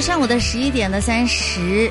上午的十一點的三十。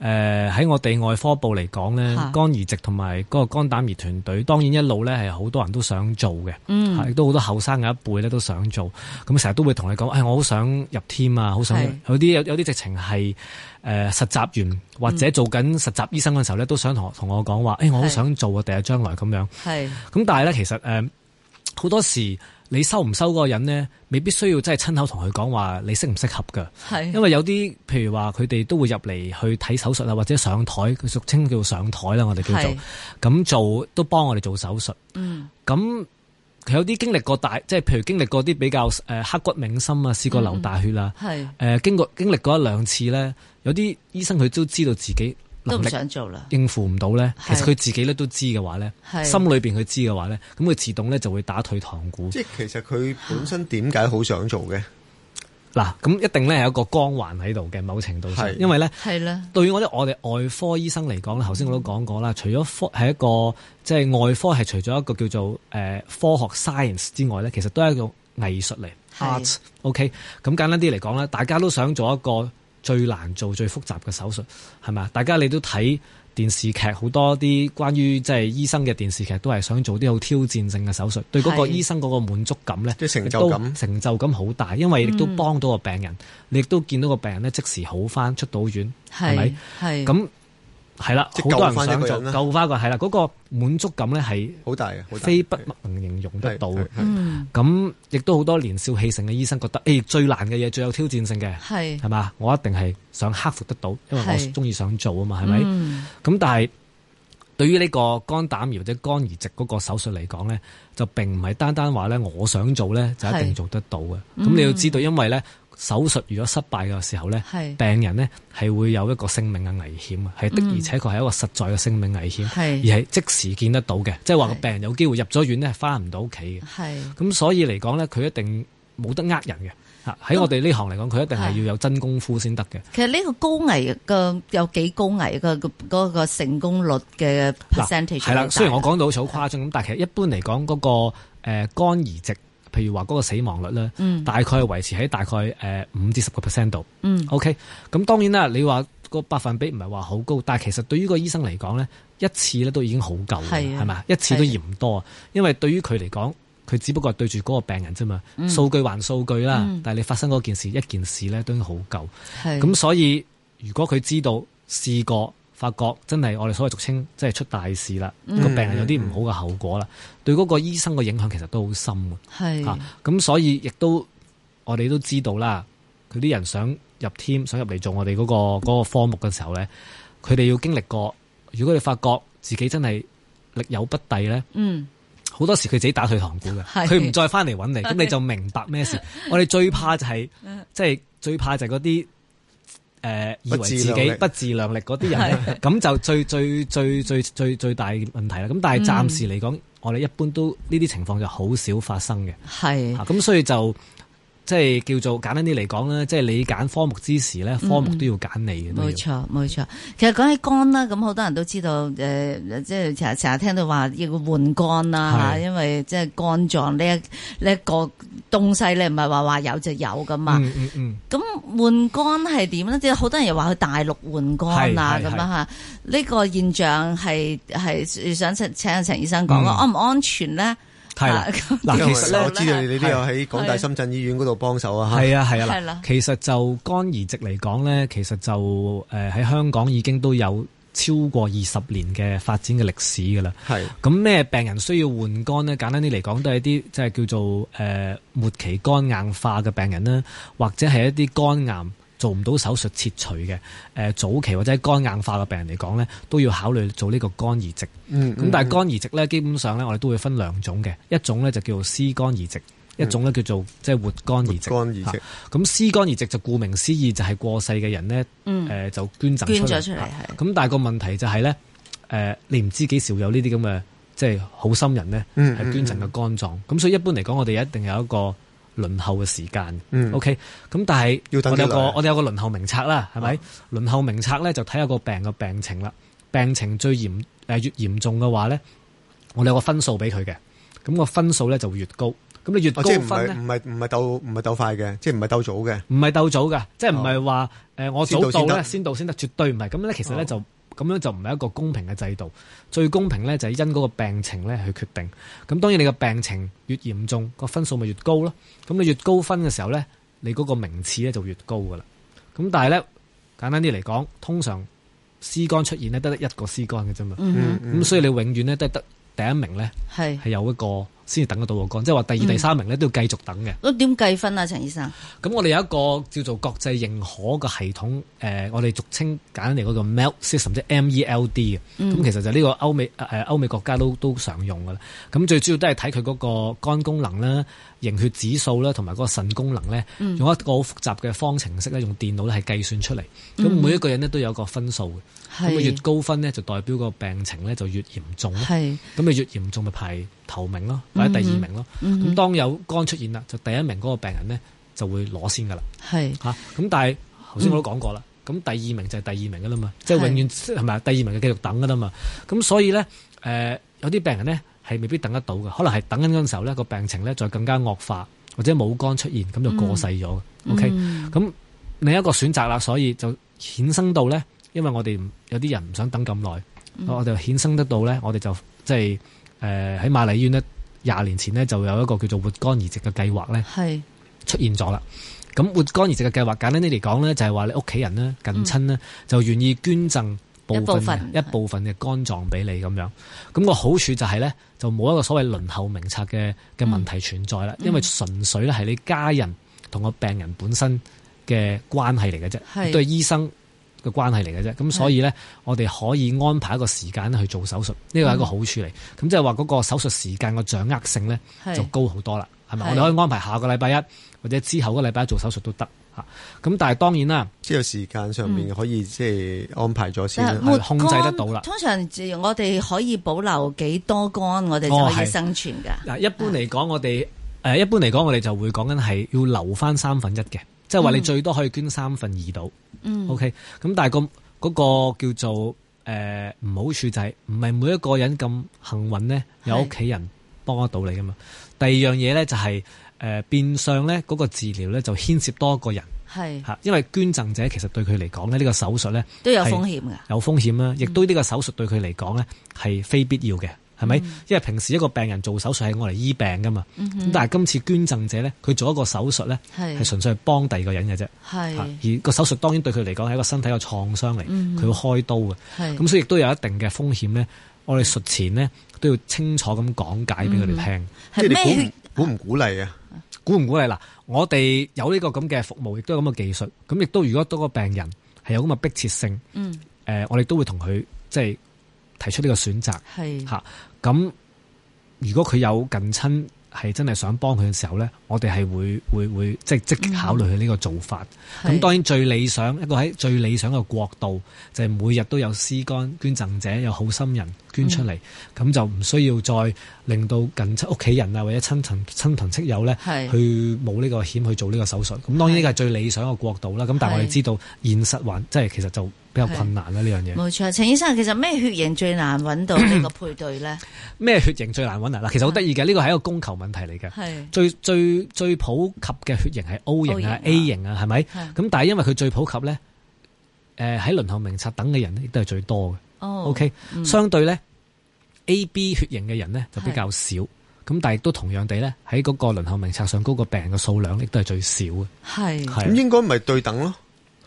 誒喺、呃、我哋外科部嚟講咧，肝移植同埋嗰個肝膽胰團隊，當然一路咧係好多人都想做嘅，亦都好多後生嘅一輩咧都想做。咁成日都會同你講，誒我好想入 team 啊，好想是 有啲有啲直情係誒實習完或者做緊實習醫生嘅時候咧，都想同同我講話，誒我好想做啊，第日是 將來咁樣。係咁，但係咧其實、呃好多時你收唔收個人呢？未必需要真係親口同佢講話你適唔適合噶，係是的 因為有啲譬如話佢哋都會入嚟去睇手術啊，或者上台，佢俗稱叫上台啦，我哋叫做咁是的 做，都幫我哋做手術。嗯，咁佢有啲經歷過大，即係譬如經歷過啲比較誒刻骨銘心啊，試過流大血啦係、嗯、經過經歷過一兩次呢，有啲醫生佢都知道自己。都唔想做啦，應付唔到咧。其實佢自己咧都知嘅話咧，的心裏邊佢知嘅話咧，咁佢自動咧就會打退堂鼓。即係其實佢本身點解好想做嘅？嗱、啊，咁一定咧有個光環喺度嘅，某程度上，的因為咧，係啦的。對於我哋我哋外科醫生嚟講咧，頭先我都講過啦。嗯、除咗科係一個即係外科，係除咗一個叫做、呃、科學 science 之外咧，其實都係一個藝術嚟的 art。OK，咁簡單啲嚟講咧，大家都想做一個。最難做、最複雜嘅手術係咪啊？大家你都睇電視劇，好多啲關於即係醫生嘅電視劇，都係想做啲好挑戰性嘅手術，對嗰個醫生嗰個滿足感呢，成就感成就感好大，因為亦都幫到個病人，嗯、你亦都見到個病人呢，即時好翻出到院，係咪？係咁。係啦，好多人想做，救翻個係啦，嗰個滿足感咧係好大嘅，非筆墨能形容得到。咁亦都好多年少氣盛嘅醫生覺得，誒最難嘅嘢，最有挑戰性嘅係係嘛，我一定係想克服得到，因為我中意想做啊嘛，係咪？咁但係對於呢個肝膽或者肝移植嗰個手術嚟講咧，就並唔係單單話咧我想做咧就一定做得到嘅。咁你要知道，因為咧。手術如果失敗嘅時候咧，病人呢係會有一個性命嘅危險，係的而且確係一個實在嘅性命危險，嗯、而係即時見得到嘅，是的即係話個病人有機會入咗院咧，翻唔到屋企嘅。咁的所以嚟講咧，佢一定冇得呃人嘅。喺的我哋呢行嚟講，佢一定係要有真功夫先得嘅。其實呢個高危嘅有幾高危嘅嗰、那個那個成功率嘅 percentage 係啦。雖然我講到好似好誇張，咁的但係其實一般嚟講嗰個誒、呃、肝移植。譬如話嗰個死亡率咧，大概係維持喺大概誒五至十個 percent 度。嗯，OK，咁當然啦，你話個百分比唔係話好高，但係其實對於個醫生嚟講咧，一次咧都已經好夠啦，係嘛？一次都嫌唔、啊、多，的因為對於佢嚟講，佢只不過係對住嗰個病人啫嘛。數據還數據啦，嗯、但係你發生嗰件事一件事咧，事都已經好夠。係咁的，所以如果佢知道試過。發覺真係我哋所謂俗稱，即係出大事啦。個病人有啲唔好嘅後果啦，對嗰個醫生嘅影響其實都好深嘅。係咁是、啊、所以亦都我哋都知道啦。佢啲人想入 team，想入嚟做我哋嗰個嗰個科目嘅時候咧，佢哋要經歷過。如果你發覺自己真係力有不逮咧，嗯，好多時佢自己打退堂鼓嘅，佢唔是再翻嚟搵你。咁是你就明白咩事？ 我哋最怕就係、是，即、就、係、是、最怕就係嗰啲。誒，以為自己不自量力嗰啲人呢，咁就最最最最最最大問題啦。咁但係暫時嚟講，嗯、我哋一般都呢啲情況就好少發生嘅。係，咁所以就，即係叫做簡單啲嚟講咧，即係你揀科目之時咧，科目都要揀你嘅。冇錯、嗯、你要、冇錯，其實講起肝啦，咁好多人都知道、呃、即係成日成日聽到話要換肝啦是因為即係肝臟呢一呢一個東西咧，唔係話話有就有噶嘛。咁、嗯嗯嗯、換肝係點咧？即係好多人又話去大陸換肝啊咁樣嚇，呢個現象係係想請阿陳醫生講，安唔安全咧？係啦，嗱，啊、其實我知道你你都有喺港大深圳醫院嗰度幫手啊，係啊係啊，其實就肝移植嚟講咧，其實就誒喺香港已經都有超過二十年嘅發展嘅歷史噶啦，係、啊。咁咩病人需要換肝咧？簡單啲嚟講，都係一啲即係叫做誒、呃、末期肝硬化嘅病人啦，或者係一啲肝癌。做唔到手術切除嘅、呃，早期或者肝硬化嘅病人嚟講呢，都要考慮做呢個肝移植。嗯。咁、嗯、但係肝移植呢，基本上呢，我哋都會分兩種嘅，一種呢，就叫做屍肝移植，一種呢，叫做即係活肝移植、嗯。活肝移植。咁屍、啊、肝移植就顧名思義，就係、是、過世嘅人呢、呃，就捐贈捐咗出嚟咁、啊、但係個問題就係呢，呃、你唔知幾時有呢啲咁嘅即係好心人呢，係、嗯、捐贈嘅肝臟。咁、嗯嗯、所以一般嚟講，我哋一定有一個輪候嘅時間，嗯，OK，咁但係我哋有個我哋有個輪候名冊啦，係咪？啊、輪候名冊咧，就睇下個病嘅病情啦，病情最嚴誒、呃、越嚴重嘅話咧，我哋有個分數俾佢嘅，咁個分數咧就會越高。咁你越高分咧，唔係唔係鬥唔係鬥快嘅，即係唔係鬥早嘅，唔係鬥早嘅，即係唔係話誒我早到咧先到先得，先得絕對唔係。咁咧其實咧就。哦咁樣就唔係一個公平嘅制度，最公平呢就係因嗰個病情呢去決定。咁當然你個病情越嚴重，個分數咪越高咯。咁你越高分嘅時候呢，你嗰個名次呢就越高噶啦。咁但係呢，簡單啲嚟講，通常屍肝出現得得一個屍肝嘅啫嘛。咁、嗯嗯、所以你永遠得都得第一名呢，係係有一個，先至等得到個肝，即係話第二、第三名咧都要繼續等嘅。咁點計分啊，陳醫生？咁我哋有一個叫做國際認可嘅系統，誒，我哋俗稱簡嚟嗰個 MELD System 即係 M E L D 嘅。咁其實就呢個歐美誒歐美國家都都常用㗎啦。咁最主要都係睇佢嗰個肝功能啦。凝血指數咧，同埋嗰個腎功能咧，用一個好複雜嘅方程式咧，用電腦咧係計算出嚟。咁、嗯、每一個人呢都有個分數，咁是越高分呢就代表個病情咧就越嚴重。咁咪是越嚴重咪排頭名咯，或者第二名咯。咁、嗯嗯、當有肝出現啦，就第一名嗰個病人呢就會攞先㗎啦。咁是但係頭先我都講過啦，咁、嗯、第二名就係第二名㗎啦嘛，即係是永遠係咪是第二名就繼續等㗎啦嘛。咁所以咧，誒、呃、有啲病人呢。係未必等得到嘅，可能係等緊嗰陣時候呢，個病情呢，再更加惡化，或者冇肝出現，咁就過世咗。OK，咁另一個選擇啦，所以就衍生到呢。因為我哋有啲人唔想等咁耐，嗯、我就衍生得到呢。我哋就即係誒喺瑪麗醫院呢，廿年前呢，就有一個叫做活肝移植嘅計劃呢，出現咗啦。咁是活肝移植嘅計劃簡單啲嚟講呢，就係、是、話你屋企人呢近親呢，就願意捐贈、嗯。捐贈一部分的一部分嘅肝臟俾你咁樣，咁、咁個好處就係、是、呢，就冇一個所謂輪候名冊嘅嘅問題存在啦，嗯、因為純粹咧係你家人同個病人本身嘅關係嚟嘅啫，都係是醫生嘅關係嚟嘅啫，咁所以呢，是我哋可以安排一個時間去做手術，呢、呢個係一個好處嚟，咁即係話嗰個手術時間嘅掌握性呢，就高好多啦，係咪是？我哋可以安排下個禮拜一或者之後個禮拜一做手術都得。咁但係當然啦，即係時間上面可以即係安排咗先，嗯、控制得到啦。通常我哋可以保留幾多肝，我哋就可以生存噶。嗱，一般嚟講，我哋誒，一般嚟講，我哋就會講緊係要留翻三分一嘅，即係話你最多可以捐三分二到。嗯，OK。咁但係個嗰個叫做誒唔、呃、好處就係唔係每一個人咁幸運呢，有屋企人幫得到你噶嘛。是第二樣嘢咧就係、是、誒、呃、變相咧嗰個治療咧就牽涉多個人。係吓，是因為捐贈者其實對佢嚟講呢，呢個手術呢都有風險㗎，有風險啦。亦都呢個手術對佢嚟講呢係非必要嘅，係咪？嗯、因為平時一個病人做手術係用嚟醫病噶嘛。嗯、哼但係今次捐贈者呢，佢做一個手術呢係純粹係幫第二個人嘅啫。係是而，個手術當然對佢嚟講係一個身體嘅創傷嚟，佢、嗯、哼會開刀嘅。咁是所以亦都有一定嘅風險呢，我哋術前呢都要清楚咁講解俾佢哋聽，即係你鼓唔鼓勵啊？不鼓唔鼓勵嗱？我哋有呢個咁嘅服務，亦都有咁嘅技術。咁亦都如果多個病人係有咁嘅迫切性，誒，嗯、我哋都會同佢即係提出呢個選擇。係吓，咁如果佢有近親。係真係想幫佢嘅時候呢，我哋係會會會即即考慮佢呢個做法。咁、嗯、當然最理想一個喺最理想嘅國度，就係、是、每日都有屍肝捐贈者，有好心人捐出嚟，咁、嗯、就唔需要再令到近親屋企人啊或者親親親朋戚友呢去冒呢個險去做呢個手術。咁是當然呢個係最理想嘅國度啦。咁是但係我哋知道現實環即係其實就。比較困難啦呢樣嘢。冇錯，陳醫生，其實咩血型最難揾到呢個配對咧？咩血型最難揾啊？嗱，其實好得意嘅，呢個係一個供求問題嚟嘅。係。最最最普及嘅血型係 O 型啊，A 型啊，係咪？係。咁但係因為佢最普及咧，誒喺輪候名冊等嘅人亦都係最多嘅。哦。O K，相對咧 A B 血型嘅人咧就比較少，咁但係亦都同樣地咧喺嗰個輪候名冊上嗰個病人嘅數量亦都係最少嘅。係。咁應該唔係對等咯？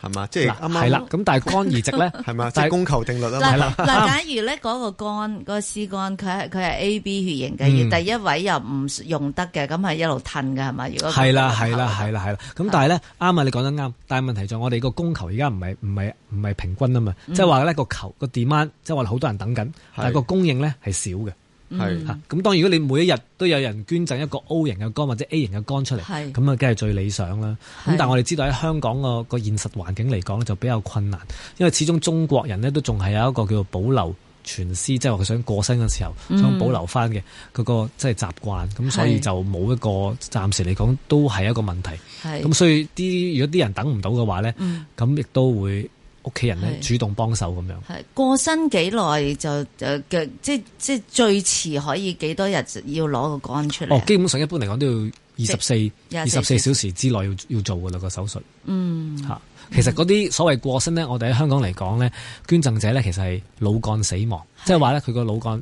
係嘛？即係啱啱係啦。咁但係肝移植咧，係嘛？即係供求定律啦。嗱嗱，假如咧嗰個肝嗰個屍肝佢係佢係 A B 血型嘅，而第一位又唔用得嘅，咁係一路褪嘅係嘛？如果係啦係啦係啦係啦。咁但係咧啱啊！你講得啱。但係問題就我哋個供求而家唔係唔係唔係平均啊嘛。即係話咧個求個 demand，即係話好多人等緊，但係個供應咧係少嘅。係吓、嗯、當然如果你每一日都有人捐贈一個 O 型嘅肝或者 A 型嘅肝出嚟。咁啊是，梗係最理想啦。咁是但我哋知道喺香港個個現實環境嚟講就比較困難，因為始終中國人呢都仲係有一個叫做保留全屍，即係話佢想過身嘅時候想保留翻嘅嗰個即係習慣，咁、嗯、所以就冇一個暫時嚟講都係一個問題。咁是所以啲如果啲人等唔到嘅話呢，咁亦、嗯、都會。屋企人咧主動幫手，咁樣，係過身幾耐就，就嘅，即即最遲可以幾多日要攞個肝出嚟？哦，基本上一般嚟講都要二十四二十四小時之內要要做㗎啦個手術。嗯，嚇，其實嗰啲所謂過身咧，我哋喺香港嚟講咧，捐贈者咧其實係腦幹死亡，即係話咧佢個腦幹。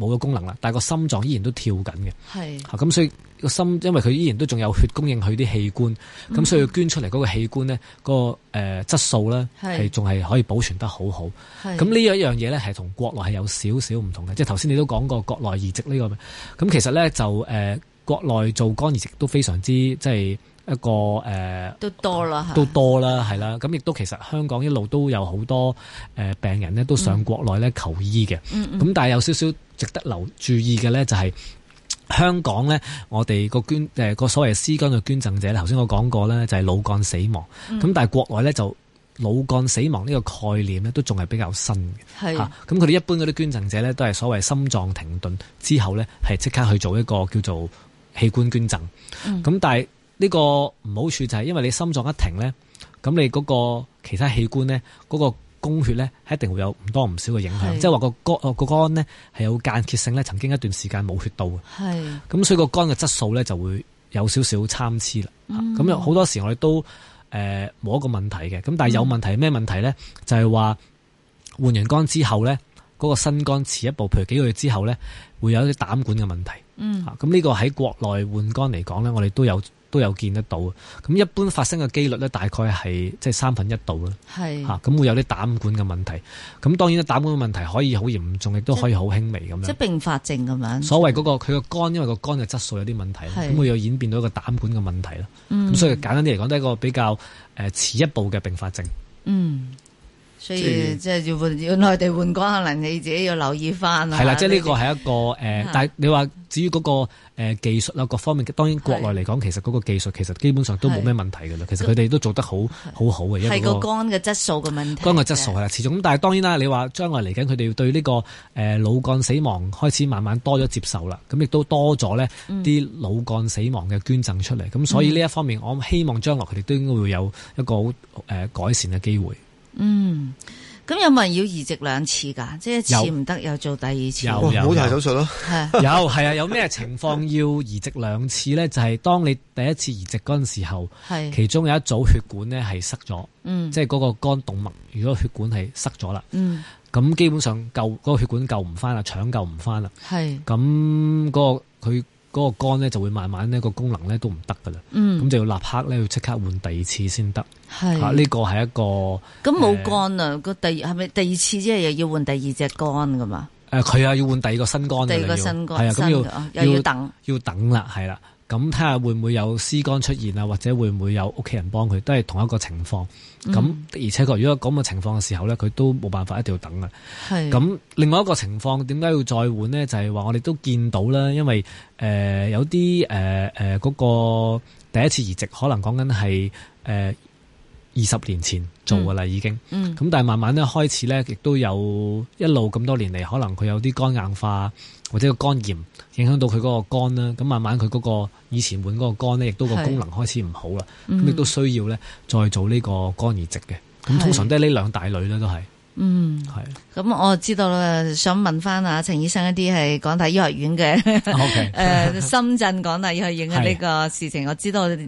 冇咗功能啦，但係個心臟依然都跳緊嘅。係是，咁所以個心，因為佢依然都仲有血供應佢啲器官，咁、嗯、所以捐出嚟嗰個器官呢，個誒質、呃、素呢，係仲係可以保存得好好。咁呢是一樣嘢呢，係同國內係有少少唔同嘅，即係頭先你都講過國內移植呢、這個，咁其實呢，就誒、呃、國內做肝移植都非常之即係。一個誒，呃、都多啦，嗯、都多啦，係啦。咁亦都其實香港一路都有好多誒病人呢，都上國內咧求醫嘅。咁、嗯、但係有少少值得留注意嘅呢，就係、嗯嗯、香港呢，我哋個捐誒個所謂屍肝嘅捐贈者，頭先我講過呢，就係腦幹死亡。咁、嗯、但係國內呢，就腦幹死亡呢個概念呢，都仲係比較新嘅。咁佢哋一般嗰啲捐贈者呢，都係所謂心臟停頓之後呢，係即刻去做一個叫做器官捐贈。咁、嗯、但係。呢個唔好處就係，因為你心臟一停呢，咁你嗰個其他器官呢，嗰個供血呢，一定會有唔多唔少嘅影響。是即係話個肝個肝係有間歇性呢，曾經一段時間冇血到嘅。咁是，所以個肝嘅質素呢，就會有少少參差啦。咁好、嗯、多時我哋都誒冇一個問題嘅。咁但係有問題咩問題呢？嗯、就係話換完肝之後呢，嗰、嗰個新肝遲一步，譬如幾個月之後呢，會有一啲膽管嘅問題。咁呢個喺國內換肝嚟講呢，我哋都有。都有見得到，咁一般發生嘅機率呢，大概係即係三分一度啦是，咁會有啲膽管嘅問題。咁當然咧，膽管嘅問題可以好嚴重，亦都可以好輕微咁即樣。即係併發症咁樣。所謂嗰、那個佢個肝，因為個肝嘅質素有啲問題，咁是會有演變到一個膽管嘅問題啦。咁是所以簡單啲嚟講，都係一個比較誒遲一步嘅並發症。嗯。所以即係、就是、要換要內地換肝，可能你自己要留意翻啦。係啦的，們即係呢個係一個誒，呃、但係你話至於嗰個誒技術啦，嗯、各方面，當然國內嚟講，的其實嗰個技術其實基本上都冇咩問題噶啦。的其實佢哋都做得的好好好嘅。係、那個肝嘅質素嘅問題，肝嘅質素係啦，始終但係當然啦，你話將來嚟緊、這個，佢哋要對呢個誒腦幹死亡開始慢慢多咗接受啦，咁亦都多咗咧啲腦幹死亡嘅捐贈出嚟。咁、嗯、所以呢一方面，我希望將來佢哋都應該會有一個誒、呃、改善嘅機會。嗯，咁有冇人要移植兩次㗎？即係一次唔得，又有做第二次，有，冇大手術咯。係有係啊？有咩是情況要移植兩次咧？就係、是、當你第一次移植嗰陣時候，係是其中有一組血管咧係塞咗，嗯，即係嗰個肝動脈如果血管係塞咗啦，嗯，咁基本上救嗰個血管救唔翻啦，搶救唔翻啦，係咁嗰個佢。嗰個肝咧就會慢慢呢，個功能咧都唔得噶啦，咁，嗯，就要立刻咧要即刻換第二次先得，吓呢係、啊呢個係一個咁冇肝啊個第係咪第二次即係又要換第二隻肝㗎嘛？誒、啊，佢啊要換第，第二個新肝，第二個新肝係啊，又要等要等啦，係啦。咁睇下會唔會有屍肝出現啊，或者會唔會有屋企人幫佢，都係同一個情況。咁而且如果咁嘅情況嘅時候呢，佢都冇辦法一定要等啊。咁是另外一個情況點解要再換呢？就係、是、話我哋都見到啦，因為誒、呃、有啲誒誒嗰個第一次移植可能講緊係誒。呃二十年前做嘅啦，已經咁，嗯、但係慢慢咧開始咧，亦都有一路咁多年嚟，可能佢有啲肝硬化或者個肝炎，影響到佢嗰個肝啦。咁慢慢佢嗰個以前換嗰個肝咧，亦都個功能開始唔好啦，咁、嗯、亦都需要咧再做呢個肝移植嘅。咁通常都係呢兩大類啦是都係。嗯，係。咁我知道啦，想問翻阿陳醫生一啲係港大醫學院嘅，誒，深圳港大醫學院嘅呢個事情，我知道，誒，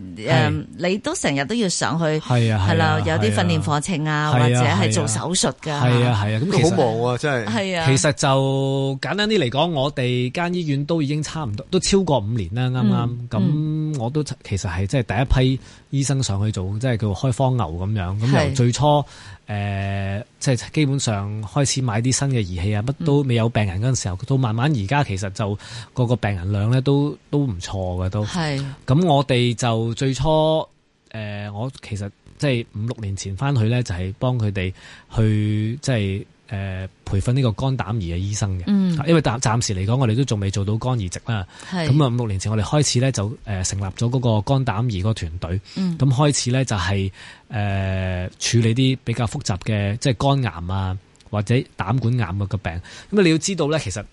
你都成日都要上去，係啊，係啦，有啲訓練課程啊，或者係做手術嘅，係啊，係啊，咁好忙啊，真係。係啊。其實就簡單啲嚟講，我哋間醫院都已經差唔多，都超過五年啦，啱啱。咁我都其實係即係第一批醫生上去做，即係叫開荒牛咁樣。咁由最初，誒，即係。基本上開始買啲新嘅儀器啊，乜都未有病人嗰陣時候，嗯、到慢慢而家其實就個個病人量咧都都唔錯㗎。都。咁是我哋就最初誒、呃，我其實即係五六年前返去咧，就係幫佢哋去即係。誒、呃，培訓呢個肝膽胰嘅醫生嘅，嗯、因為暫時嚟講，我哋都仲未做到肝移植啦。咁啊是，五六年前我哋開始咧就誒成立咗嗰個肝膽胰個團隊。咁、嗯、開始咧就係、是、誒、呃、處理啲比較複雜嘅，即係肝癌啊或者膽管癌個個病。咁你要知道咧，其實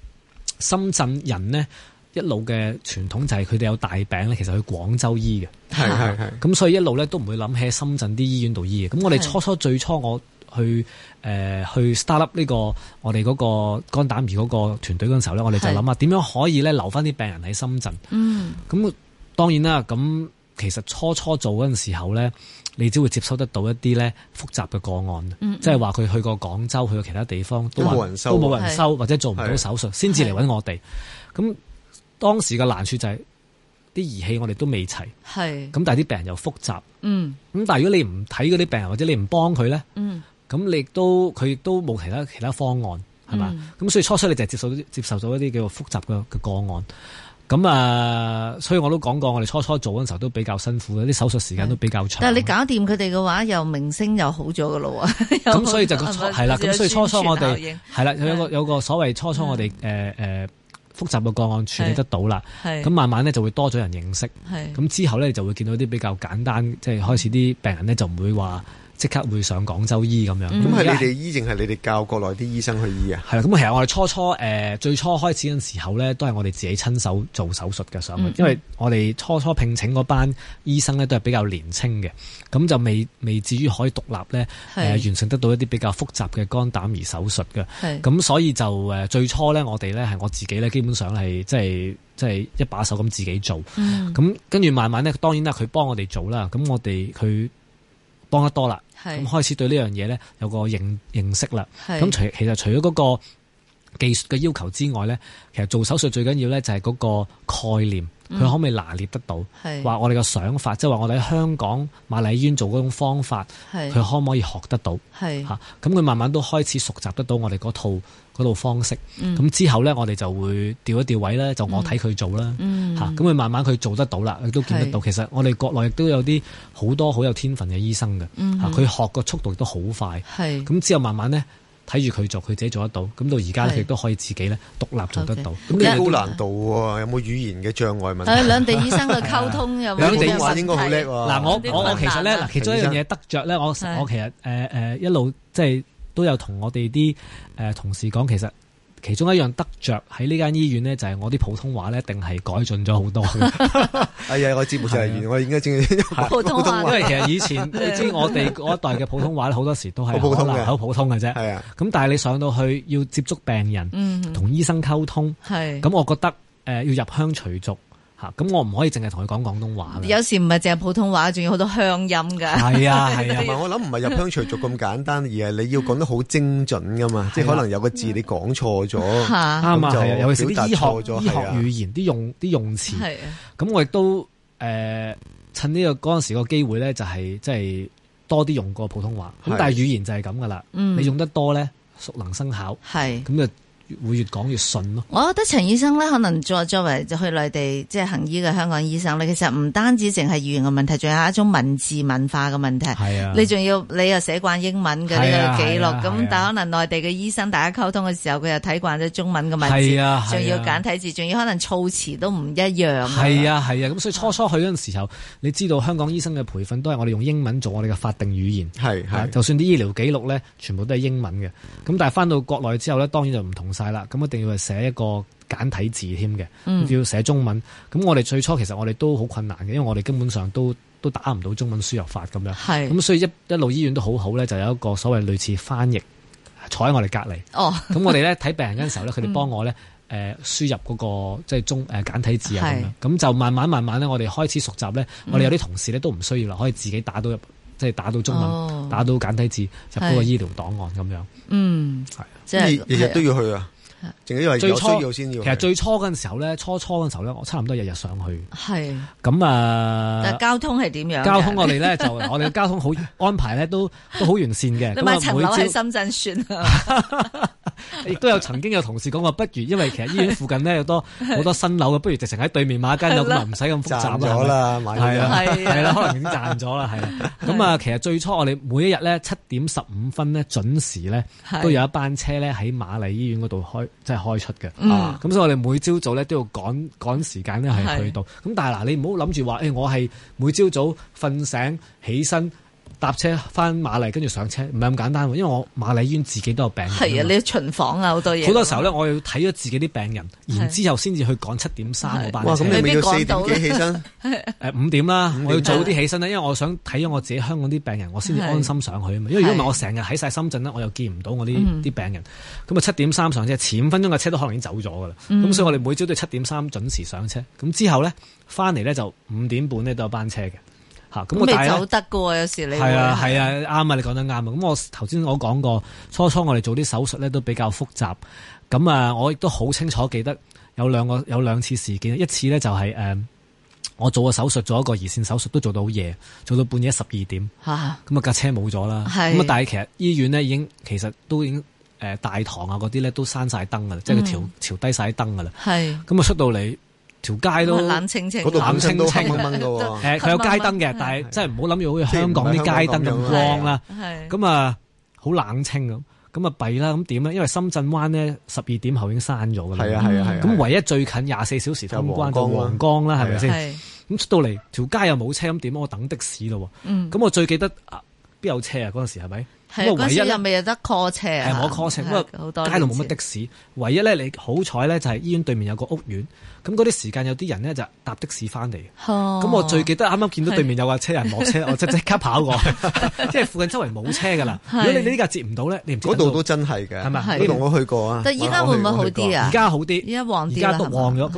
深圳人呢一路嘅傳統就係佢哋有大病咧，其實去廣州醫嘅。係係係。咁所以一路咧都唔會諗起深圳啲醫院度醫嘅。咁我哋初初是最初我。去誒、呃、去 startup 呢、呢個我哋嗰個肝膽胰嗰個團隊嗰陣時候咧，我哋就諗下點樣可以咧留翻啲病人喺深圳？嗯，咁當然啦。咁其實初初做嗰陣時候咧，你只會接收得到一啲咧複雜嘅個案，即係話佢去過廣州，去過其他地方都冇人收，都冇人收，或者做唔到手術，先至嚟搵我哋。咁是的 當時嘅難處就係、是、啲儀器我哋都未齊，咁，是的 但係啲病人又複雜。嗯，咁但係如果你唔睇嗰啲病人，或者你唔幫佢咧，嗯。咁你亦都佢亦都冇其他其他方案，係嘛？咁、嗯、所以初初你就接受接受咗一啲叫做複雜嘅嘅個案。咁啊，所以我都講過，我哋初初做嗰時候都比較辛苦，啲手術時間都比較長。但係你搞掂佢哋嘅話，又名聲又好咗嘅咯喎。咁所以就係啦。咁所以初初我哋係啦，有個有個所謂初初我哋誒誒複雜嘅個案處理得到啦。咁慢慢咧就會多咗人認識。咁的之後咧就會見到啲比較簡單，即係開始啲病人咧就唔會話。即刻會上廣州醫咁樣，咁係、嗯、你哋醫定係你哋教國內啲醫生去醫啊？係啦，咁其實我哋初初誒、呃、最初開始嗰陣時候咧，都係我哋自己親手做手術嘅，所以、嗯、因為我哋初初聘請嗰班醫生咧，都係比較年輕嘅，咁就未未至於可以獨立咧誒、呃、完成得到一啲比較複雜嘅肝膽胰手術嘅，咁的所以就、呃、最初咧，我哋咧係我自己咧，基本上係即係即係一把手咁自己做，咁、嗯、跟住慢慢咧，當然啦，佢幫我哋做啦，咁我哋佢。幫得多啦，咁開始對呢樣嘢呢有個認認識啦。咁除其實除咗嗰個技術嘅要求之外呢，其實做手術最緊要呢就係嗰個概念。佢可唔可以拿捏得到？話我哋嘅想法，即係話我哋喺香港瑪麗醫院做嗰種方法，佢可唔可以學得到？嚇，咁佢慢慢都開始熟習得到我哋嗰套嗰套方式。咁之後呢，我哋就會調一調位呢，就我睇佢做啦。嚇，咁佢慢慢佢做得到啦，佢都見得到。其實我哋國內亦都有啲好多好有天分嘅醫生嘅。佢學個速度亦都好快。咁之後慢慢呢。睇住佢做，佢自己做得到。咁到而家佢亦都可以自己咧獨立做得到。咁、okay. 高難度喎、啊，嗯、有冇語言嘅障礙問題？兩地醫生嘅溝通有冇，兩地話應該好叻喎。嗱，我我我其實咧，嗱，其中一樣嘢得着咧，我我其實誒、呃呃、一路即係都有同我哋啲誒同事講，其實。其中一樣得着，喺呢間醫院咧，就係、是、我啲普通話咧，一定係改進咗好多。係啊，我節目人員，我而家正普通話，因為其實以前， 你知我哋嗰一代嘅普通話咧，好多時都係好難，好普通嘅啫。係啊， 咁但係你上到去要接觸病人，同、嗯、哼醫生溝通，咁是我覺得誒、呃、要入鄉隨俗。 咁我唔可以淨係同佢講廣東話嘅。有時唔係淨係普通話，仲要好多鄉音噶。係啊，係啊，我諗唔係入鄉隨俗咁簡單，而係你要講得好精準噶嘛即係可能有個字你講錯咗，啱啊，係啊，尤其是啲醫學醫學語言，啲用啲用詞。咁我亦都誒，趁呢個嗰陣時個機會咧，就係即係多啲用過普通話。咁但係語言就係咁噶啦你用得多咧，熟能生巧。係，咁就。會越講越順咯。我覺得陳醫生呢，可能作作為就去內地即係行醫嘅香港醫生呢，其實唔單止淨係語言嘅問題，仲有一種文字文化嘅問題。係啊，你仲要你又寫慣英文嘅呢個記錄，咁、啊啊啊、但可能內地嘅醫生大家溝通嘅時候，佢又睇慣咗中文嘅文字，啊，仲、啊、要簡體字，仲要可能措詞都唔一樣。係啊係啊，咁、啊、所以初初去嗰陣時候，你知道香港醫生嘅培訓都係我哋用英文做我哋嘅法定語言，係、啊、就算啲醫療記錄呢，全部都係英文嘅，咁但係返到國內之後呢，當然就唔同。啦，咁一定要係寫一個簡體字添嘅，要寫中文。咁我哋最初其實我哋都好困難嘅，因為我哋根本上都都打唔到中文輸入法咁樣。咁是所以一一路醫院都好好呢，就有一個所謂類似翻譯坐喺我哋隔離。咁、哦、我哋呢睇病人嗰陣時候呢，佢哋幫我呢誒輸入嗰個即係中誒簡體字啊咁是樣。咁就慢慢慢慢呢，我哋開始熟習呢。我哋有啲同事呢，都唔需要啦，可以自己打到入，即係打到中文，打到簡體字入嗰個醫療檔案咁是樣。嗯，日日都要去啊！淨係因為有需要先要，其實最初嗰陣時候咧，初初嗰陣時候咧，我差唔多日日上去。係咁啊！但交通係點樣？交通我哋咧就我哋嘅交通好安排咧，都都好完善嘅。你買層樓喺深圳算啦。亦都有曾經有同事講過，不如因為其實醫院附近咧有多好多新樓嘅，不如直情喺對面買一間就唔使咁複雜啦。賺咗啦，係啦，係啦，可能已經賺咗啦，係。咁啊，其實最初我哋每一日咧七點十五分咧準時咧都有一班車咧喺瑪麗醫院嗰度開。即係開出嘅。嗯、啊，咁所以我哋每朝早咧都要趕趕時間咧係去到，咁是的 但係嗱，你唔好諗住話，誒、欸、我係每朝早瞓醒起身。搭車翻瑪麗，跟住上車唔係咁簡單喎，因為我瑪麗院自己都有病人，係啊的，你巡房啊，好多嘢。好多時候咧，我要睇咗自己啲病人，的然之後先至去趕七點三嘅班。哇！咁你咪要四點幾起身？誒五點啦，時我要早啲起身啦的因為我想睇咗我自己香港啲病人，我先至安心上去。啊嘛的。因為如果唔係，我成日喺晒深圳咧，我又見唔到我啲啲病人。咁啊、嗯，七點三上車，前五分鐘嘅車都可能已經走咗噶啦。咁、嗯、所以我哋每朝都係七點三準時上車。咁之後咧，翻嚟咧就五點半咧都有班車嘅。吓，咁我哋走得噶喎，有時你係啊，係啊，啱啊，你講得啱啊。咁我頭先我講過，初初我哋做啲手術咧都比較複雜。咁啊，我亦都好清楚記得有兩個有兩次事件，一次咧就係、是、誒、呃、我做個手術，做一個胰腺手術，都做到好夜，做到半夜十二點。咁啊架車冇咗啦。咁啊，是但係其實醫院咧已經其實都已經誒大堂啊嗰啲咧都關晒燈噶啦，嗯、即係佢調調低晒燈噶啦。係是。咁啊，出到嚟。條街都嗰度冷清清，清，冷清都清蚊蚊噶，佢有街燈嘅，的但係真係唔好諗住好似香港啲街燈咁光啦。咁啊，好的冷清咁。咁啊閉啦，咁點咧？因為深圳灣咧十二點後已經閂咗㗎啦。係啊係啊係啊。咁唯一最近廿四小時通關就皇崗啦、啊，係咪先？咁是的 出到嚟條街又冇車咁點？我等的士咯。咁是的 我最記得。邊有車啊？嗰陣時係咪？嗰陣時又未有得 call 車，係我 call 車。好多街度冇乜的士。唯一咧，你好彩咧，就係醫院對面有個屋苑。咁嗰啲時間有啲人咧就搭的士翻嚟。咁我最記得啱啱見到對面有架車人落車，我即即刻跑過去，即係附近周圍冇車噶啦。如果你呢架接唔到咧，你唔知，嗰度都真係嘅，係咪？嗰度我去過啊？但依家會唔會好啲啊？依家好啲，依家旺啲，依家都旺咗。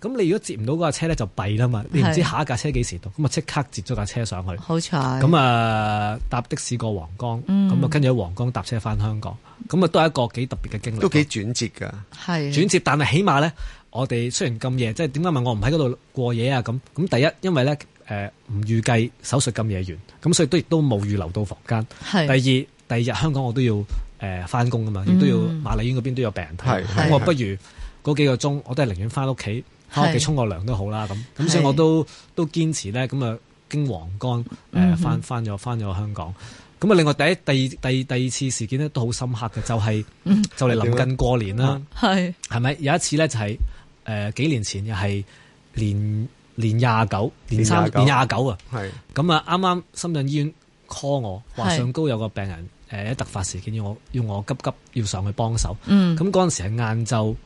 咁你如果接唔到嗰架車咧，就弊啦嘛。你唔知下一架車幾時到，咁啊即刻接咗架車上去。好彩運。咁啊搭的士過皇崗，咁啊、嗯、跟住喺皇崗搭車翻香港，咁啊都係一個幾特別嘅經歷。都幾轉折㗎。係是。轉折，但係起碼咧，我哋雖然咁夜，即係點解問我唔喺嗰度過夜啊？咁咁第一，因為咧誒唔預計手術咁夜完，咁所以都亦都冇預留到房間。是第二，第二日香港我都要誒翻工啊嘛，亦、嗯、都要瑪麗院嗰邊都有病人睇，是我不如嗰是幾個鐘，我都係寧願翻屋企。哈！佢沖個涼都好啦，咁咁是，所以我都都堅持咧，咁啊經皇崗誒翻翻咗翻咗香港。咁啊，另外第一、第二、第第二次事件咧都好深刻嘅，就係、是嗯、就嚟臨近過年啦，係係咪？有一次咧就係、是、誒、呃、幾年前又係年年廿九、年, 29, 年三、年廿九啊。係咁啊，啱啱深圳醫院 call 我，話上高有個病人誒一突發事件，要我要我急急要上去幫手。嗯，咁嗰陣時係晏晝。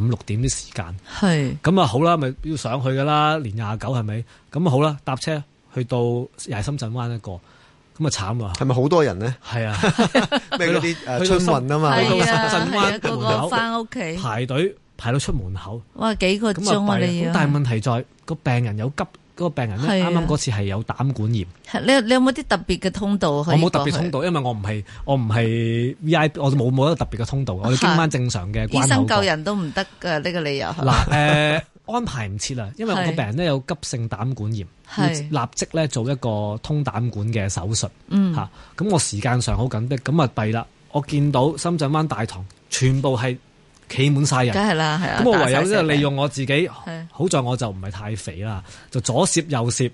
五六點啲時間，係咁啊，好啦，咪要上去噶啦，年廿九係咪？咁好啦，搭車去到又係深圳灣一個，咁啊慘喎！係咪好多人呢？係啊，嗰啲誒春運啊嘛？深，啊深圳灣個個翻屋企排隊排到出門口，哇幾個鐘啊！你要、啊、咁大問題在個病人有急。嗰個病人咧，啱啱嗰次係有膽管炎。你、啊、你有冇啲特別嘅通道去？我冇特別的通道，因為我唔係我唔係 V I，我冇冇一個特別嘅通道。我要經返正常嘅、啊、醫生救人都唔得㗎呢個理由。嗱誒、呃、 安排唔切啦，因為我個病人咧有急性膽管炎，啊、要立即咧做一個通膽管嘅手術。啊、嗯咁我時間上好緊迫，咁啊弊啦。我見到深圳灣大堂全部係，企滿晒人，梗係啦，係啊。咁我唯有即係利用我自己，好在我就唔係太肥啦，就左攝右攝，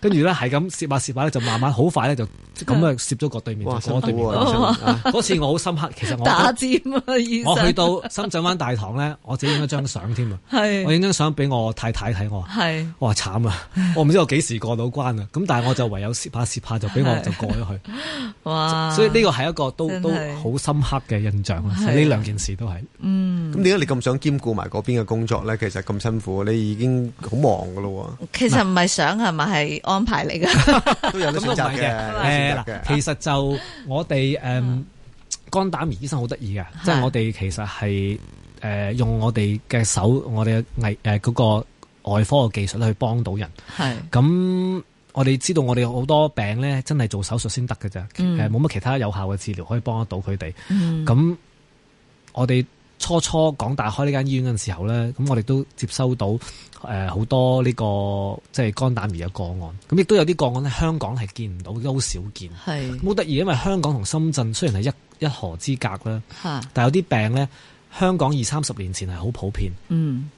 跟住咧係咁攝下攝下咧，就慢慢好快咧就咁啊攝咗個對面。對面。嗰次我好深刻，其實我打尖啊，醫生。我去到深圳灣大堂咧，我自己影咗張相添啊，我影張相俾我太太睇我，我話，哇，慘啊，我唔知我幾時過到關啊。咁但係我就唯有攝下攝下就俾我就過咗去。哇！所以呢個係一個都都好深刻嘅印象啊，其實呢兩件事都係。嗯。咁點解你咁想兼顧埋嗰邊嘅工作咧？其實咁辛苦，你已經好忙噶咯。其實唔係想係咪係安排你噶？ 都有咁多責嘅。其實就我哋誒、嗯嗯、肝膽胰醫生好得意㗎。即係是我哋其實係誒、呃、用我哋嘅手，我哋藝誒嗰個外科嘅技術去幫到人。係是。咁我哋知道我哋好多病咧，真係做手術先得㗎啫，係冇乜其他有效嘅治療可以幫得到佢哋。咁、嗯、我哋。初初港大開呢間醫院嘅時候呢，咁我哋都接收到誒好多呢個即係肝膽胰嘅個案，咁亦都有啲個案香港係見唔到，都好少見，冇得意，因為香港同深圳雖然係一一河之隔啦，但係有啲病呢，香港二三十年前係好普遍。嗯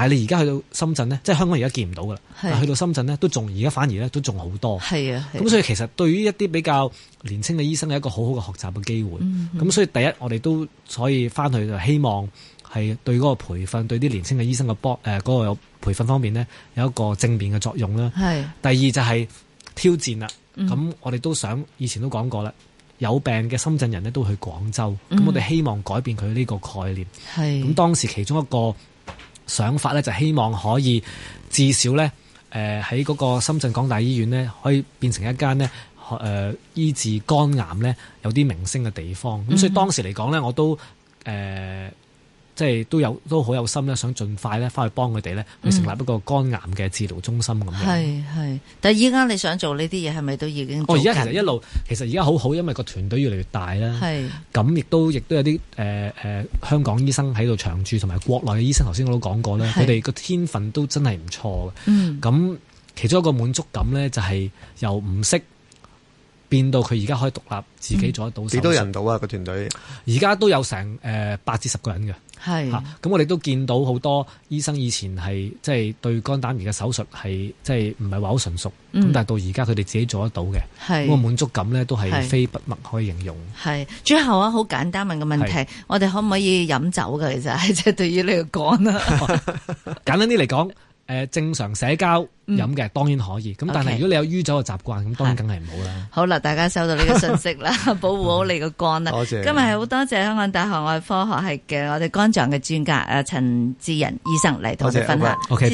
但係你而家去到深圳呢，即係香港而家見唔到噶啦。的去到深圳呢，都仲而家反而呢都仲好多。係啊，咁所以其實對於一啲比較年輕嘅醫生係一個好好嘅學習嘅機會。咁、嗯、哼所以第一，我哋都可以翻去，就希望係對嗰個培訓，對啲年輕嘅醫生嘅幫嗰個有培訓方面呢，有一個正面嘅作用啦。的第二就係挑戰啦。咁、嗯、哼我哋都想以前都講過啦，有病嘅深圳人呢，都去廣州。咁、嗯、哼我哋希望改變佢呢個概念。咁的當時其中一個。想法呢，就希望可以至少呢誒，喺嗰個深圳港大醫院呢，可以變成一間呢誒，醫治肝癌呢有啲名聲嘅地方。咁所以當時嚟講呢，我都誒。呃即係都有都好有心咧，想盡快咧，翻去幫佢哋咧，去成立一個肝癌嘅治療中心咁樣、嗯。係係，但係依家你想做呢啲嘢，係咪都已經做？哦，而家其實一路其實而家好好，因為個團隊越嚟越大啦。係是。咁亦都亦都有啲誒、呃呃、香港醫生喺度長駐，同埋國內嘅醫生。頭先我都講過啦，佢哋個天分都真係唔錯嘅。咁、嗯、其中一個滿足感咧，就係、是、由唔識變到佢而家可以獨立自己做得到。幾、嗯、多人到啊？個團隊而家都有成誒八至十個人嘅。係吓，咁是、啊、我哋都見到好多醫生以前係即係對肝膽胰嘅手術係即係唔係話好純熟，咁、嗯、但係到而家佢哋自己做得到嘅，咁是個滿足感咧都係非筆墨是可以形容。係最後啊，好簡單問個問題，是我哋可唔可以飲酒噶？其實即係對於你嚟講啊，簡單啲嚟講。 誒，正常社交飲嘅、嗯、當然可以，咁、嗯、但係如果你有酗酒嘅習慣，咁、嗯、當然梗係唔好啦。好啦，大家收到呢個信息啦， 保護好你個肝啦。多謝。今日係好多謝香港大學外科學系嘅我哋肝臟嘅專家誒陳智仁醫生嚟同我哋分享。